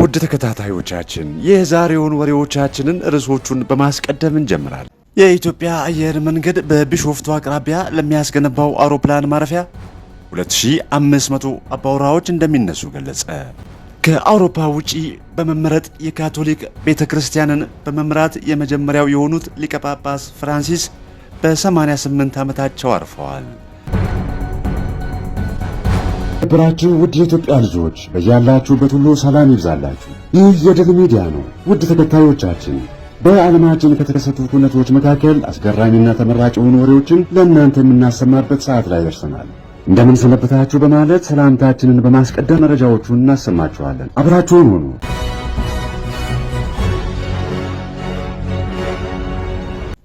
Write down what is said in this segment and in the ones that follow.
ውድ ተከታታዮቻችን የዛሬውን ወሬዎቻችንን ርዕሶቹን በማስቀደም እንጀምራለን። የኢትዮጵያ አየር መንገድ በቢሾፍቱ አቅራቢያ ለሚያስገነባው አውሮፕላን ማረፊያ 2500 አባውራዎች እንደሚነሱ ገለጸ። ከአውሮፓ ውጪ በመመረጥ የካቶሊክ ቤተ ክርስቲያንን በመምራት የመጀመሪያው የሆኑት ሊቀ ጳጳስ ፍራንሲስ በ88 ዓመታቸው አርፈዋል። ብራችሁ ውድ የኢትዮጵያ ልጆች በያላችሁበት ሁሉ ሰላም ይብዛላችሁ። ይህ የድል ሚዲያ ነው። ውድ ተከታዮቻችን በዓለማችን ከተከሰቱ ሁነቶች መካከል አስገራሚና ተመራጭ የሆኑ ወሬዎችን ለእናንተ የምናሰማበት ሰዓት ላይ ደርሰናል። እንደምን በማለት ሰላምታችንን በማስቀደም መረጃዎቹን እናሰማችኋለን። አብራችሁን ሁኑ።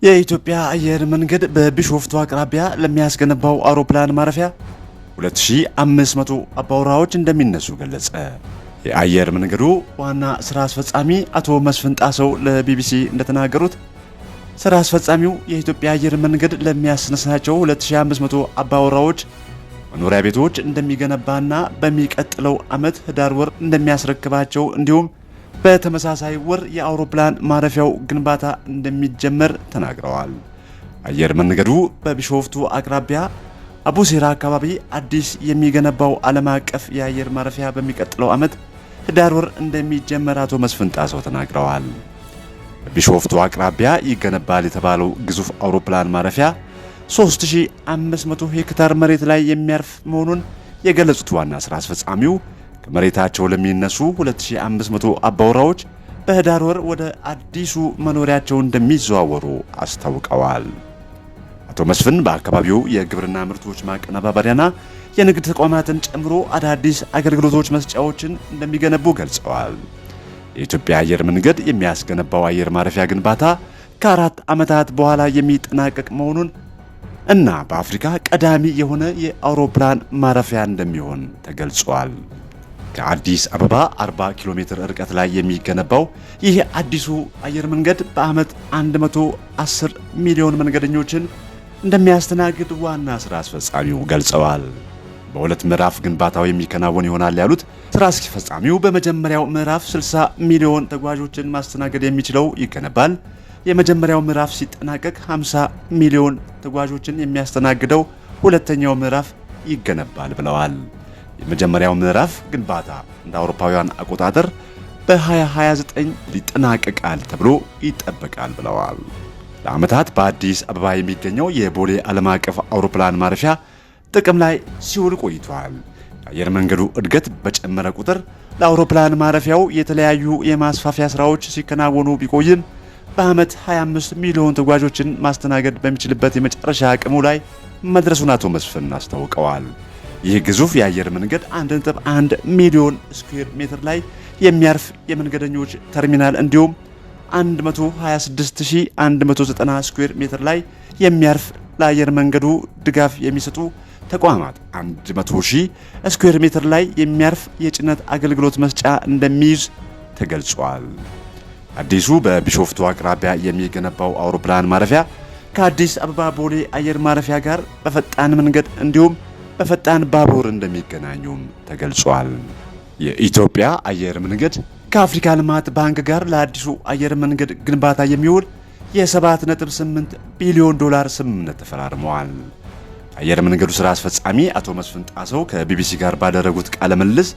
የኢትዮጵያ አየር መንገድ በቢሾፍቱ አቅራቢያ ለሚያስገነባው አውሮፕላን ማረፊያ 2500 አባወራዎች እንደሚነሱ ገለጸ። የአየር መንገዱ ዋና ስራ አስፈጻሚ አቶ መስፍን ጣሰው ለቢቢሲ እንደተናገሩት ስራ አስፈጻሚው የኢትዮጵያ አየር መንገድ ለሚያስነሳቸው 2500 አባወራዎች መኖሪያ ቤቶች እንደሚገነባና በሚቀጥለው ዓመት ህዳር ወር እንደሚያስረክባቸው እንዲሁም በተመሳሳይ ወር የአውሮፕላን ማረፊያው ግንባታ እንደሚጀመር ተናግረዋል። አየር መንገዱ በቢሾፍቱ አቅራቢያ አቡሴራ አካባቢ አዲስ የሚገነባው ዓለም አቀፍ የአየር ማረፊያ በሚቀጥለው ዓመት ህዳር ወር እንደሚጀመር አቶ መስፍን ጣሰው ተናግረዋል። ቢሾፍቱ አቅራቢያ ይገነባል የተባለው ግዙፍ አውሮፕላን ማረፊያ 3500 ሄክታር መሬት ላይ የሚያርፍ መሆኑን የገለጹት ዋና ሥራ አስፈጻሚው ከመሬታቸው ለሚነሱ 2500 አባወራዎች በህዳር ወር ወደ አዲሱ መኖሪያቸው እንደሚዘዋወሩ አስታውቀዋል። አቶ መስፍን በአካባቢው የግብርና ምርቶች ማቀነባበሪያና የንግድ ተቋማትን ጨምሮ አዳዲስ አገልግሎቶች መስጫዎችን እንደሚገነቡ ገልጸዋል። የኢትዮጵያ አየር መንገድ የሚያስገነባው አየር ማረፊያ ግንባታ ከአራት ዓመታት በኋላ የሚጠናቀቅ መሆኑን እና በአፍሪካ ቀዳሚ የሆነ የአውሮፕላን ማረፊያ እንደሚሆን ተገልጿል። ከአዲስ አበባ 40 ኪሎ ሜትር ርቀት ላይ የሚገነባው ይህ አዲሱ አየር መንገድ በዓመት 110 ሚሊዮን መንገደኞችን እንደሚያስተናግድ ዋና ስራ አስፈጻሚው ገልጸዋል። በሁለት ምዕራፍ ግንባታው የሚከናወን ይሆናል ያሉት ስራ አስፈጻሚው በመጀመሪያው ምዕራፍ 60 ሚሊዮን ተጓዦችን ማስተናገድ የሚችለው ይገነባል። የመጀመሪያው ምዕራፍ ሲጠናቀቅ 50 ሚሊዮን ተጓዦችን የሚያስተናግደው ሁለተኛው ምዕራፍ ይገነባል ብለዋል። የመጀመሪያው ምዕራፍ ግንባታ እንደ አውሮፓውያን አቆጣጠር በ2029 ሊጠናቀቃል ተብሎ ይጠበቃል ብለዋል። ለዓመታት በአዲስ አበባ የሚገኘው የቦሌ ዓለም አቀፍ አውሮፕላን ማረፊያ ጥቅም ላይ ሲውል ቆይቷል። የአየር መንገዱ እድገት በጨመረ ቁጥር ለአውሮፕላን ማረፊያው የተለያዩ የማስፋፊያ ስራዎች ሲከናወኑ ቢቆይም በዓመት 25 ሚሊዮን ተጓዦችን ማስተናገድ በሚችልበት የመጨረሻ አቅሙ ላይ መድረሱን አቶ መስፍን አስታውቀዋል። ይህ ግዙፍ የአየር መንገድ 1.1 ሚሊዮን ስኩዌር ሜትር ላይ የሚያርፍ የመንገደኞች ተርሚናል እንዲሁም 126190 ስኩዌር ሜትር ላይ የሚያርፍ ለአየር መንገዱ ድጋፍ የሚሰጡ ተቋማት 100000 ስኩዌር ሜትር ላይ የሚያርፍ የጭነት አገልግሎት መስጫ እንደሚይዝ ተገልጿል። አዲሱ በቢሾፍቱ አቅራቢያ የሚገነባው አውሮፕላን ማረፊያ ከአዲስ አበባ ቦሌ አየር ማረፊያ ጋር በፈጣን መንገድ እንዲሁም በፈጣን ባቡር እንደሚገናኙም ተገልጿል። የኢትዮጵያ አየር መንገድ ከአፍሪካ ልማት ባንክ ጋር ለአዲሱ አየር መንገድ ግንባታ የሚውል የ7.8 ቢሊዮን ዶላር ስምምነት ተፈራርመዋል። አየር መንገዱ ስራ አስፈጻሚ አቶ መስፍን ጣሰው ከቢቢሲ ጋር ባደረጉት ቃለ ምልልስ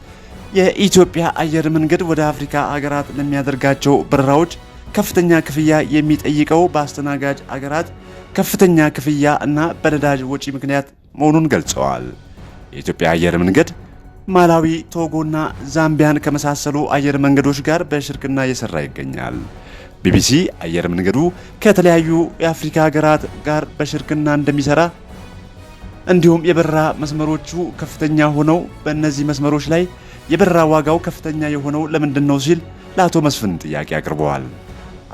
የኢትዮጵያ አየር መንገድ ወደ አፍሪካ ሀገራት ለሚያደርጋቸው በረራዎች ከፍተኛ ክፍያ የሚጠይቀው በአስተናጋጅ አገራት ከፍተኛ ክፍያ እና በነዳጅ ወጪ ምክንያት መሆኑን ገልጸዋል። የኢትዮጵያ አየር መንገድ ማላዊ፣ ቶጎና ዛምቢያን ከመሳሰሉ አየር መንገዶች ጋር በሽርክና እየሰራ ይገኛል። ቢቢሲ አየር መንገዱ ከተለያዩ የአፍሪካ ሀገራት ጋር በሽርክና እንደሚሰራ እንዲሁም የበረራ መስመሮቹ ከፍተኛ ሆነው በእነዚህ መስመሮች ላይ የበረራ ዋጋው ከፍተኛ የሆነው ለምንድን ነው ሲል ለአቶ መስፍን ጥያቄ አቅርበዋል።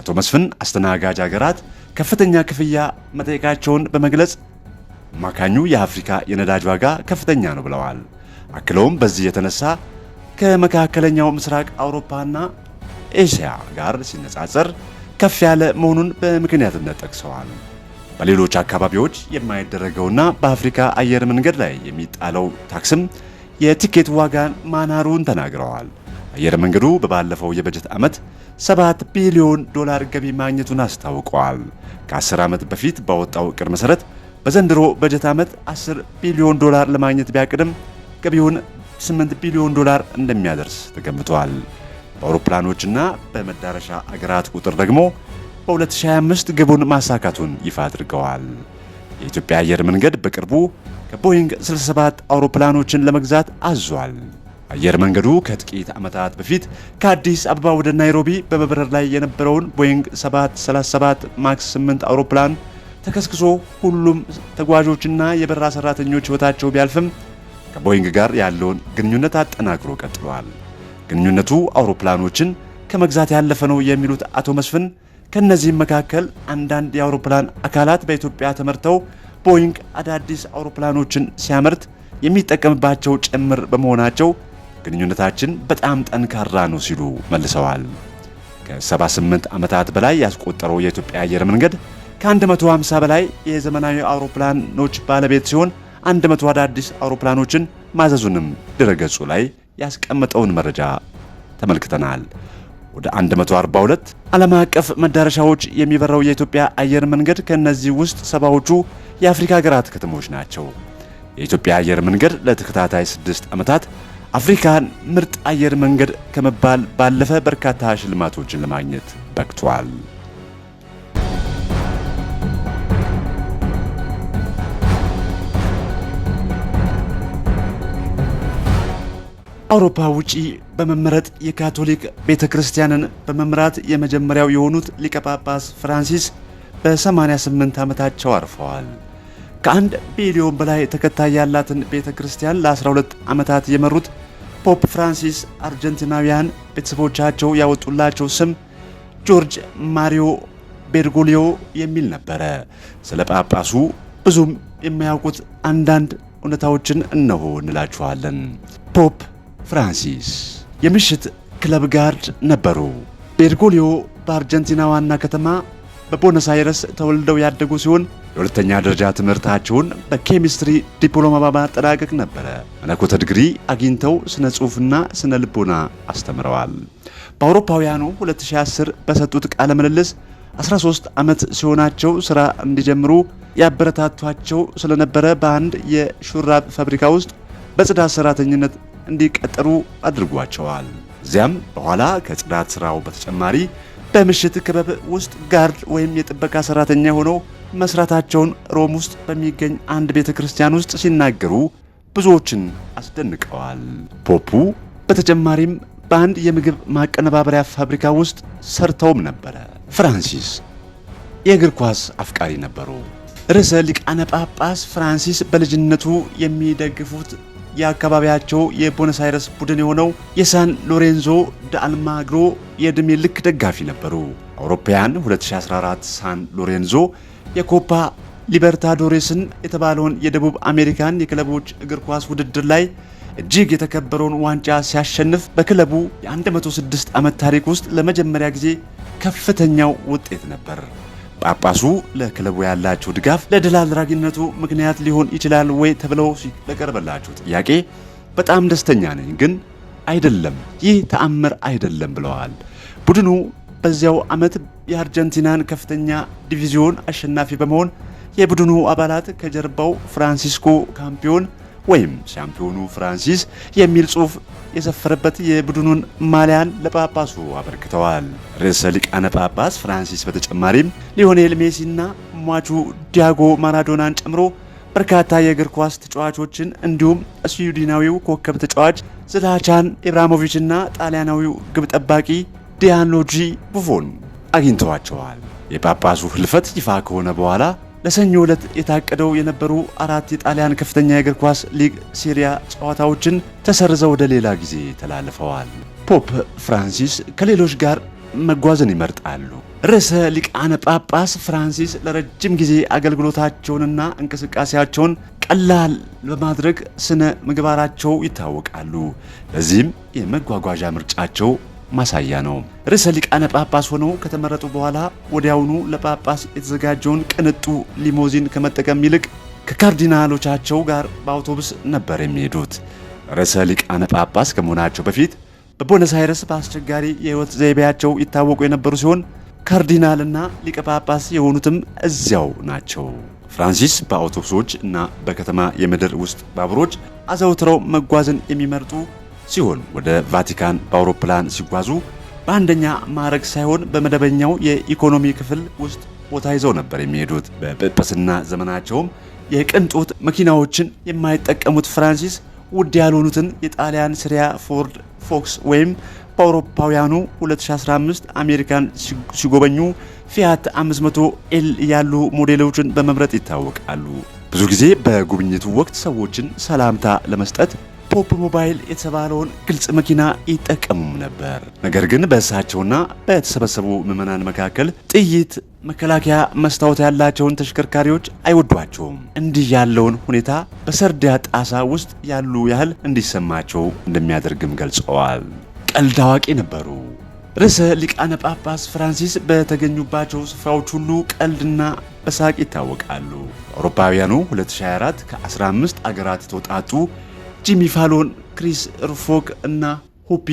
አቶ መስፍን አስተናጋጅ ሀገራት ከፍተኛ ክፍያ መጠየቃቸውን በመግለጽ አማካኙ የአፍሪካ የነዳጅ ዋጋ ከፍተኛ ነው ብለዋል። አክለውም በዚህ የተነሳ ከመካከለኛው ምስራቅ አውሮፓና ኤሽያ ጋር ሲነጻጸር ከፍ ያለ መሆኑን በምክንያትነት ጠቅሰዋል። በሌሎች አካባቢዎች የማይደረገውና በአፍሪካ አየር መንገድ ላይ የሚጣለው ታክስም የቲኬት ዋጋን ማናሩን ተናግረዋል። አየር መንገዱ በባለፈው የበጀት ዓመት 7 ቢሊዮን ዶላር ገቢ ማግኘቱን አስታውቀዋል። ከ10 ዓመት በፊት ባወጣው ዕቅድ መሠረት በዘንድሮ በጀት ዓመት 10 ቢሊዮን ዶላር ለማግኘት ቢያቅድም ገቢውን 8 ቢሊዮን ዶላር እንደሚያደርስ ተገምቷል። በአውሮፕላኖችና በመዳረሻ አገራት ቁጥር ደግሞ በ2025 ግቡን ማሳካቱን ይፋ አድርገዋል። የኢትዮጵያ አየር መንገድ በቅርቡ ከቦይንግ 67 አውሮፕላኖችን ለመግዛት አዟል። አየር መንገዱ ከጥቂት ዓመታት በፊት ከአዲስ አበባ ወደ ናይሮቢ በመብረር ላይ የነበረውን ቦይንግ 737 ማክስ 8 አውሮፕላን ተከስክሶ ሁሉም ተጓዦችና የበረራ ሰራተኞች ሕይወታቸው ቢያልፍም ከቦይንግ ጋር ያለውን ግንኙነት አጠናክሮ ቀጥሏል። ግንኙነቱ አውሮፕላኖችን ከመግዛት ያለፈ ነው የሚሉት አቶ መስፍን ከእነዚህም መካከል አንዳንድ የአውሮፕላን አካላት በኢትዮጵያ ተመርተው ቦይንግ አዳዲስ አውሮፕላኖችን ሲያመርት የሚጠቀምባቸው ጭምር በመሆናቸው ግንኙነታችን በጣም ጠንካራ ነው ሲሉ መልሰዋል። ከ78 ዓመታት በላይ ያስቆጠረው የኢትዮጵያ አየር መንገድ ከ150 በላይ የዘመናዊ አውሮፕላኖች ባለቤት ሲሆን መቶ አዳዲስ አውሮፕላኖችን ማዘዙንም ድረገጹ ላይ ያስቀመጠውን መረጃ ተመልክተናል። ወደ 142 ዓለም አቀፍ መዳረሻዎች የሚበራው የኢትዮጵያ አየር መንገድ ከእነዚህ ውስጥ ሰባዎቹ የአፍሪካ ሀገራት ከተሞች ናቸው። የኢትዮጵያ አየር መንገድ ለተከታታይ ስድስት ዓመታት አፍሪካን ምርጥ አየር መንገድ ከመባል ባለፈ በርካታ ሽልማቶችን ለማግኘት በቅቷል። አውሮፓ ውጪ በመመረጥ የካቶሊክ ቤተ ክርስቲያንን በመምራት የመጀመሪያው የሆኑት ሊቀ ጳጳስ ፍራንሲስ በ88 ዓመታቸው አርፈዋል። ከአንድ ቢሊዮን በላይ ተከታይ ያላትን ቤተ ክርስቲያን ለ12 ዓመታት የመሩት ፖፕ ፍራንሲስ አርጀንቲናውያን ቤተሰቦቻቸው ያወጡላቸው ስም ጆርጅ ማሪዮ ቤርጎሊዮ የሚል ነበረ። ስለ ጳጳሱ ብዙም የማያውቁት አንዳንድ እውነታዎችን እነሆ እንላችኋለን። ፖፕ ፍራንሲስ የምሽት ክለብ ጋርድ ነበሩ። ቤርጎሊዮ በአርጀንቲና ዋና ከተማ በቦነስ አይረስ ተወልደው ያደጉ ሲሆን የሁለተኛ ደረጃ ትምህርታቸውን በኬሚስትሪ ዲፕሎማ በማጠናቀቅ ነበረ። መለኮተ ዲግሪ አግኝተው ስነ ጽሑፍና ስነ ልቦና አስተምረዋል። በአውሮፓውያኑ 2010 በሰጡት ቃለ ምልልስ 13 ዓመት ሲሆናቸው ሥራ እንዲጀምሩ ያበረታቷቸው ስለነበረ በአንድ የሹራብ ፋብሪካ ውስጥ በጽዳት ሠራተኝነት እንዲቀጠሩ አድርጓቸዋል። እዚያም በኋላ ከጽዳት ስራው በተጨማሪ በምሽት ክበብ ውስጥ ጋርድ ወይም የጥበቃ ሰራተኛ ሆነው መስራታቸውን ሮም ውስጥ በሚገኝ አንድ ቤተ ክርስቲያን ውስጥ ሲናገሩ ብዙዎችን አስደንቀዋል። ፖፑ በተጨማሪም በአንድ የምግብ ማቀነባበሪያ ፋብሪካ ውስጥ ሰርተውም ነበረ። ፍራንሲስ የእግር ኳስ አፍቃሪ ነበሩ። ርዕሰ ሊቃነ ጳጳስ ፍራንሲስ በልጅነቱ የሚደግፉት የአካባቢያቸው የቦነስ አይረስ ቡድን የሆነው የሳን ሎሬንዞ ደ አልማግሮ የዕድሜ ልክ ደጋፊ ነበሩ። አውሮፓውያን 2014 ሳን ሎሬንዞ የኮፓ ሊበርታዶሬስን የተባለውን የደቡብ አሜሪካን የክለቦች እግር ኳስ ውድድር ላይ እጅግ የተከበረውን ዋንጫ ሲያሸንፍ በክለቡ የ106 ዓመት ታሪክ ውስጥ ለመጀመሪያ ጊዜ ከፍተኛው ውጤት ነበር። ጳጳሱ ለክለቡ ያላቸው ድጋፍ ለድል አድራጊነቱ ምክንያት ሊሆን ይችላል ወይ ተብለው ለቀረበላቸው ጥያቄ በጣም ደስተኛ ነኝ፣ ግን አይደለም፣ ይህ ተአምር አይደለም ብለዋል። ቡድኑ በዚያው ዓመት የአርጀንቲናን ከፍተኛ ዲቪዚዮን አሸናፊ በመሆን የቡድኑ አባላት ከጀርባው ፍራንሲስኮ ካምፒዮን ወይም ሻምፒዮኑ ፍራንሲስ የሚል ጽሑፍ የሰፈረበት የቡድኑን ማሊያን ለጳጳሱ አበርክተዋል። ርዕሰ ሊቃነ ጳጳስ ፍራንሲስ በተጨማሪም ሊዮኔል ሜሲና ሟቹ ዲያጎ ማራዶናን ጨምሮ በርካታ የእግር ኳስ ተጫዋቾችን እንዲሁም ስዊድናዊው ኮከብ ተጫዋች ዝላቻን ኢብራሞቪችና ጣሊያናዊው ግብ ጠባቂ ዲያንሎጂ ቡፎን አግኝተዋቸዋል። የጳጳሱ ህልፈት ይፋ ከሆነ በኋላ ለሰኞ ዕለት የታቀደው የነበሩ አራት የጣሊያን ከፍተኛ የእግር ኳስ ሊግ ሲሪያ ጨዋታዎችን ተሰርዘው ወደ ሌላ ጊዜ ተላልፈዋል። ፖፕ ፍራንሲስ ከሌሎች ጋር መጓዝን ይመርጣሉ። ርዕሰ ሊቃነ ጳጳስ ፍራንሲስ ለረጅም ጊዜ አገልግሎታቸውንና እንቅስቃሴያቸውን ቀላል በማድረግ ስነ ምግባራቸው ይታወቃሉ። ለዚህም የመጓጓዣ ምርጫቸው ማሳያ ነው። ርዕሰ ሊቃነ ጳጳስ ሆነው ከተመረጡ በኋላ ወዲያውኑ ለጳጳስ የተዘጋጀውን ቅንጡ ሊሞዚን ከመጠቀም ይልቅ ከካርዲናሎቻቸው ጋር በአውቶቡስ ነበር የሚሄዱት። ርዕሰ ሊቃነ ጳጳስ ከመሆናቸው በፊት በቦነስ አይረስ በአስቸጋሪ የህይወት ዘይቤያቸው ይታወቁ የነበሩ ሲሆን ካርዲናልና ሊቀ ጳጳስ የሆኑትም እዚያው ናቸው። ፍራንሲስ በአውቶቡሶች እና በከተማ የምድር ውስጥ ባቡሮች አዘውትረው መጓዝን የሚመርጡ ሲሆን ወደ ቫቲካን በአውሮፕላን ሲጓዙ በአንደኛ ማዕረግ ሳይሆን በመደበኛው የኢኮኖሚ ክፍል ውስጥ ቦታ ይዘው ነበር የሚሄዱት። በጵጵስና ዘመናቸውም የቅንጦት መኪናዎችን የማይጠቀሙት ፍራንሲስ ውድ ያልሆኑትን የጣሊያን ስሪያ ፎርድ ፎክስ ወይም በአውሮፓውያኑ 2015 አሜሪካን ሲጎበኙ ፊያት 500 ኤል ያሉ ሞዴሎችን በመምረጥ ይታወቃሉ። ብዙ ጊዜ በጉብኝቱ ወቅት ሰዎችን ሰላምታ ለመስጠት ፖፕ ሞባይል የተባለውን ግልጽ መኪና ይጠቀሙ ነበር። ነገር ግን በእሳቸውና በተሰበሰቡ ምዕመናን መካከል ጥይት መከላከያ መስታወት ያላቸውን ተሽከርካሪዎች አይወዷቸውም። እንዲህ ያለውን ሁኔታ በሰርዳ ጣሳ ውስጥ ያሉ ያህል እንዲሰማቸው እንደሚያደርግም ገልጸዋል። ቀልድ አዋቂ ነበሩ። ርዕሰ ሊቃነ ጳጳስ ፍራንሲስ በተገኙባቸው ስፍራዎች ሁሉ ቀልድና በሳቅ ይታወቃሉ። አውሮፓውያኑ 2024 ከ15 አገራት የተውጣጡ ጂሚ ፋሎን፣ ክሪስ ሩፎክ እና ሆፒ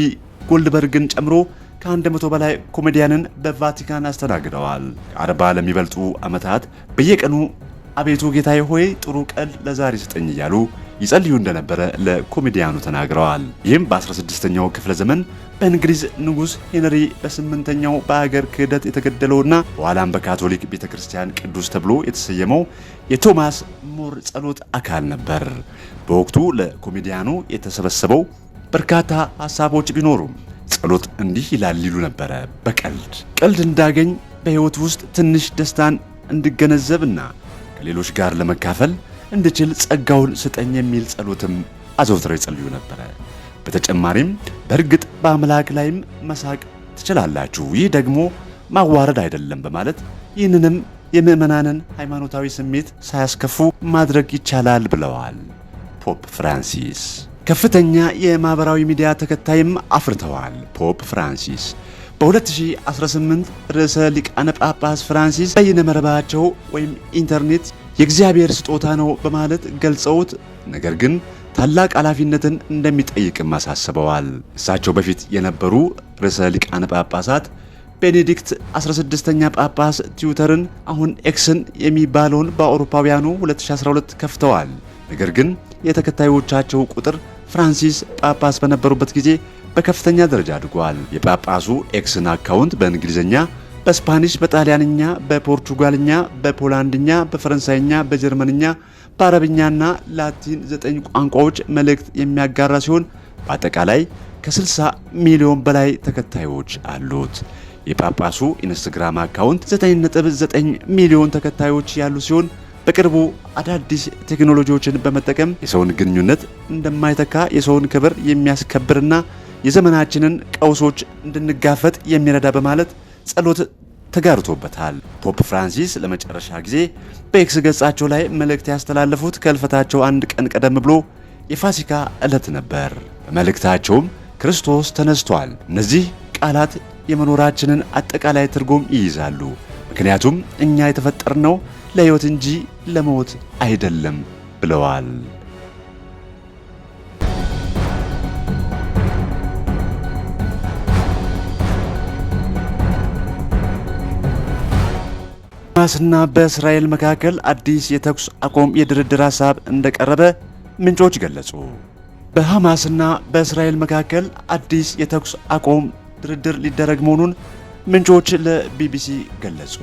ጎልድበርግን ጨምሮ ከአንድ መቶ በላይ ኮሜዲያንን በቫቲካን አስተናግደዋል። ከአርባ ለሚበልጡ ዓመታት በየቀኑ አቤቱ ጌታዬ ሆይ ጥሩ ቀን ለዛሬ ስጠኝ እያሉ ይጸልዩ እንደነበረ ለኮሜዲያኑ ተናግረዋል። ይህም በ16ኛው ክፍለ ዘመን በእንግሊዝ ንጉሥ ሄንሪ በስምንተኛው በአገር ክህደት የተገደለውና በኋላም በካቶሊክ ቤተ ክርስቲያን ቅዱስ ተብሎ የተሰየመው የቶማስ ሞር ጸሎት አካል ነበር። በወቅቱ ለኮሜዲያኑ የተሰበሰበው በርካታ ሐሳቦች ቢኖሩም ጸሎት እንዲህ ይላል ይሉ ነበረ። በቀልድ ቀልድ እንዳገኝ በሕይወት ውስጥ ትንሽ ደስታን እንድገነዘብና ከሌሎች ጋር ለመካፈል እንድችል ጸጋውን ስጠኝ የሚል ጸሎትም አዘውትረው ይጸልዩ ነበረ። በተጨማሪም በእርግጥ በአምላክ ላይም መሳቅ ትችላላችሁ፣ ይህ ደግሞ ማዋረድ አይደለም በማለት ይህንንም የምዕመናንን ሃይማኖታዊ ስሜት ሳያስከፉ ማድረግ ይቻላል ብለዋል ፖፕ ፍራንሲስ። ከፍተኛ የማኅበራዊ ሚዲያ ተከታይም አፍርተዋል ፖፕ ፍራንሲስ በ2018 ርዕሰ ሊቃነ ጳጳስ ፍራንሲስ በይነ መረባቸው ወይም ኢንተርኔት የእግዚአብሔር ስጦታ ነው በማለት ገልጸውት ነገር ግን ታላቅ ኃላፊነትን እንደሚጠይቅም አሳስበዋል። እሳቸው በፊት የነበሩ ርዕሰ ሊቃነ ጳጳሳት ቤኔዲክት 16ኛ ጳጳስ ትዊተርን አሁን ኤክስን የሚባለውን በአውሮፓውያኑ 2012 ከፍተዋል። ነገር ግን የተከታዮቻቸው ቁጥር ፍራንሲስ ጳጳስ በነበሩበት ጊዜ በከፍተኛ ደረጃ አድጓል። የጳጳሱ ኤክስን አካውንት በእንግሊዝኛ፣ በስፓኒሽ፣ በጣሊያንኛ፣ በፖርቱጋልኛ፣ በፖላንድኛ፣ በፈረንሳይኛ፣ በጀርመንኛ፣ በአረብኛና ላቲን ዘጠኝ ቋንቋዎች መልእክት የሚያጋራ ሲሆን በአጠቃላይ ከ60 ሚሊዮን በላይ ተከታዮች አሉት። የጳጳሱ ኢንስትግራም አካውንት 9.9 ሚሊዮን ተከታዮች ያሉ ሲሆን በቅርቡ አዳዲስ ቴክኖሎጂዎችን በመጠቀም የሰውን ግንኙነት እንደማይተካ የሰውን ክብር የሚያስከብርና የዘመናችንን ቀውሶች እንድንጋፈጥ የሚረዳ በማለት ጸሎት ተጋርቶበታል። ፖፕ ፍራንሲስ ለመጨረሻ ጊዜ በኤክስ ገጻቸው ላይ መልእክት ያስተላለፉት ከልፈታቸው አንድ ቀን ቀደም ብሎ የፋሲካ ዕለት ነበር። በመልእክታቸውም ክርስቶስ ተነስቷል፣ እነዚህ ቃላት የመኖራችንን አጠቃላይ ትርጉም ይይዛሉ። ምክንያቱም እኛ የተፈጠርነው ለሕይወት እንጂ ለሞት አይደለም ብለዋል። ሐማስና በእስራኤል መካከል አዲስ የተኩስ አቁም የድርድር ሐሳብ እንደቀረበ ምንጮች ገለጹ። በሐማስና በእስራኤል መካከል አዲስ የተኩስ አቁም ድርድር ሊደረግ መሆኑን ምንጮች ለቢቢሲ ገለጹ።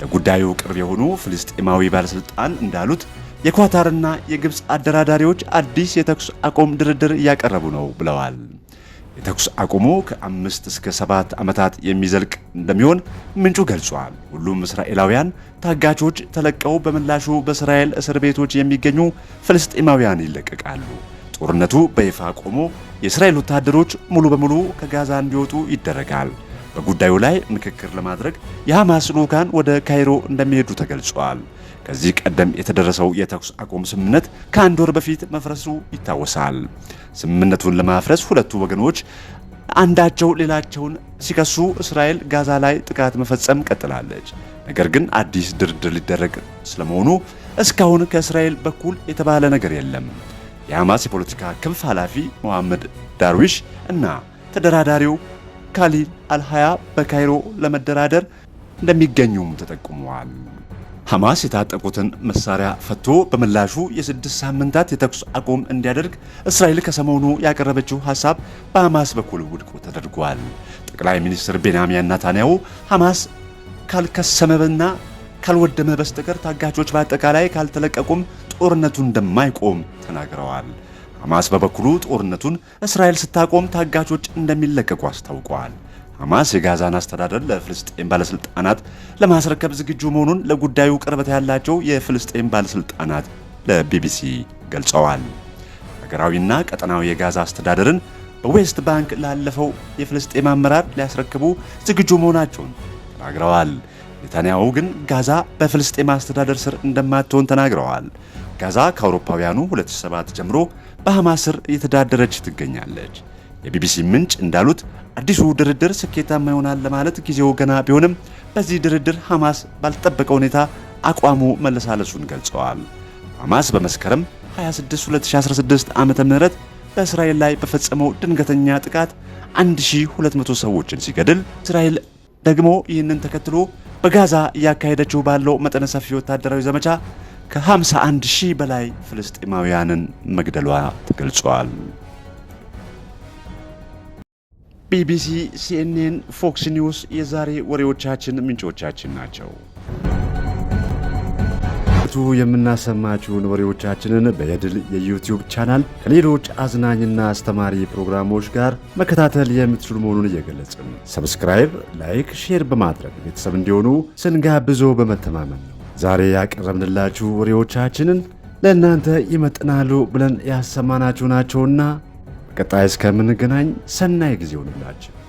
ለጉዳዩ ቅርብ የሆኑ ፍልስጤማዊ ባለስልጣን እንዳሉት የኳታርና የግብፅ አደራዳሪዎች አዲስ የተኩስ አቁም ድርድር እያቀረቡ ነው ብለዋል። የተኩስ አቁሙ ከአምስት እስከ ሰባት ዓመታት የሚዘልቅ እንደሚሆን ምንጩ ገልጿል። ሁሉም እስራኤላውያን ታጋቾች ተለቀው በምላሹ በእስራኤል እስር ቤቶች የሚገኙ ፍልስጤማውያን ይለቀቃሉ። ጦርነቱ በይፋ ቆሞ የእስራኤል ወታደሮች ሙሉ በሙሉ ከጋዛ እንዲወጡ ይደረጋል። በጉዳዩ ላይ ምክክር ለማድረግ የሐማስ ልዑካን ወደ ካይሮ እንደሚሄዱ ተገልጿል። ከዚህ ቀደም የተደረሰው የተኩስ አቁም ስምምነት ከአንድ ወር በፊት መፍረሱ ይታወሳል። ስምምነቱን ለማፍረስ ሁለቱ ወገኖች አንዳቸው ሌላቸውን ሲከሱ እስራኤል ጋዛ ላይ ጥቃት መፈጸም ቀጥላለች። ነገር ግን አዲስ ድርድር ሊደረግ ስለመሆኑ እስካሁን ከእስራኤል በኩል የተባለ ነገር የለም። የሐማስ የፖለቲካ ክንፍ ኃላፊ መሐመድ ዳርዊሽ እና ተደራዳሪው ካሊል አልሃያ በካይሮ ለመደራደር እንደሚገኙም ተጠቁመዋል። ሐማስ የታጠቁትን መሳሪያ ፈቶ በምላሹ የስድስት ሳምንታት የተኩስ አቁም እንዲያደርግ እስራኤል ከሰሞኑ ያቀረበችው ሐሳብ በሐማስ በኩል ውድቁ ተደርጓል። ጠቅላይ ሚኒስትር ቤንያሚን ናታንያሁ ሐማስ ካልከሰመበና ካልወደመ በስተቀር ታጋቾች በአጠቃላይ ካልተለቀቁም ጦርነቱ እንደማይቆም ተናግረዋል። ሐማስ በበኩሉ ጦርነቱን እስራኤል ስታቆም ታጋቾች እንደሚለቀቁ አስታውቀዋል። ሐማስ የጋዛን አስተዳደር ለፍልስጤም ባለስልጣናት ለማስረከብ ዝግጁ መሆኑን ለጉዳዩ ቅርበት ያላቸው የፍልስጤም ባለስልጣናት ለቢቢሲ ገልጸዋል። ሀገራዊና ቀጠናዊ የጋዛ አስተዳደርን በዌስት ባንክ ላለፈው የፍልስጤም አመራር ሊያስረክቡ ዝግጁ መሆናቸውን ተናግረዋል። ኔታንያሁ ግን ጋዛ በፍልስጤም አስተዳደር ስር እንደማትሆን ተናግረዋል። ጋዛ ከአውሮፓውያኑ 2007 ጀምሮ በሐማስ ስር እየተዳደረች ትገኛለች። የቢቢሲ ምንጭ እንዳሉት አዲሱ ድርድር ስኬታማ ይሆናል ለማለት ጊዜው ገና ቢሆንም በዚህ ድርድር ሐማስ ባልተጠበቀ ሁኔታ አቋሙ መለሳለሱን ገልጸዋል። ሐማስ በመስከረም 26 2016 ዓ ም በእስራኤል ላይ በፈጸመው ድንገተኛ ጥቃት 1200 ሰዎችን ሲገድል እስራኤል ደግሞ ይህንን ተከትሎ በጋዛ እያካሄደችው ባለው መጠነ ሰፊ ወታደራዊ ዘመቻ ከ51 ሺህ በላይ ፍልስጤማውያንን መግደሏ ተገልጿል። ቢቢሲ፣ ሲኤንኤን፣ ፎክስ ኒውስ የዛሬ ወሬዎቻችን ምንጮቻችን ናቸው። ቱ የምናሰማችውን ወሬዎቻችንን በየድል የዩቲዩብ ቻናል ከሌሎች አዝናኝና አስተማሪ ፕሮግራሞች ጋር መከታተል የምትችሉ መሆኑን እየገለጽን ሰብስክራይብ፣ ላይክ፣ ሼር በማድረግ ቤተሰብ እንዲሆኑ ስንጋብዞ በመተማመን ነው። ዛሬ ያቀረብንላችሁ ወሬዎቻችንን ለእናንተ ይመጥናሉ ብለን ያሰማናችሁ ናቸውና በቀጣይ እስከምንገናኝ ሰናይ ጊዜ ሆንላችሁ።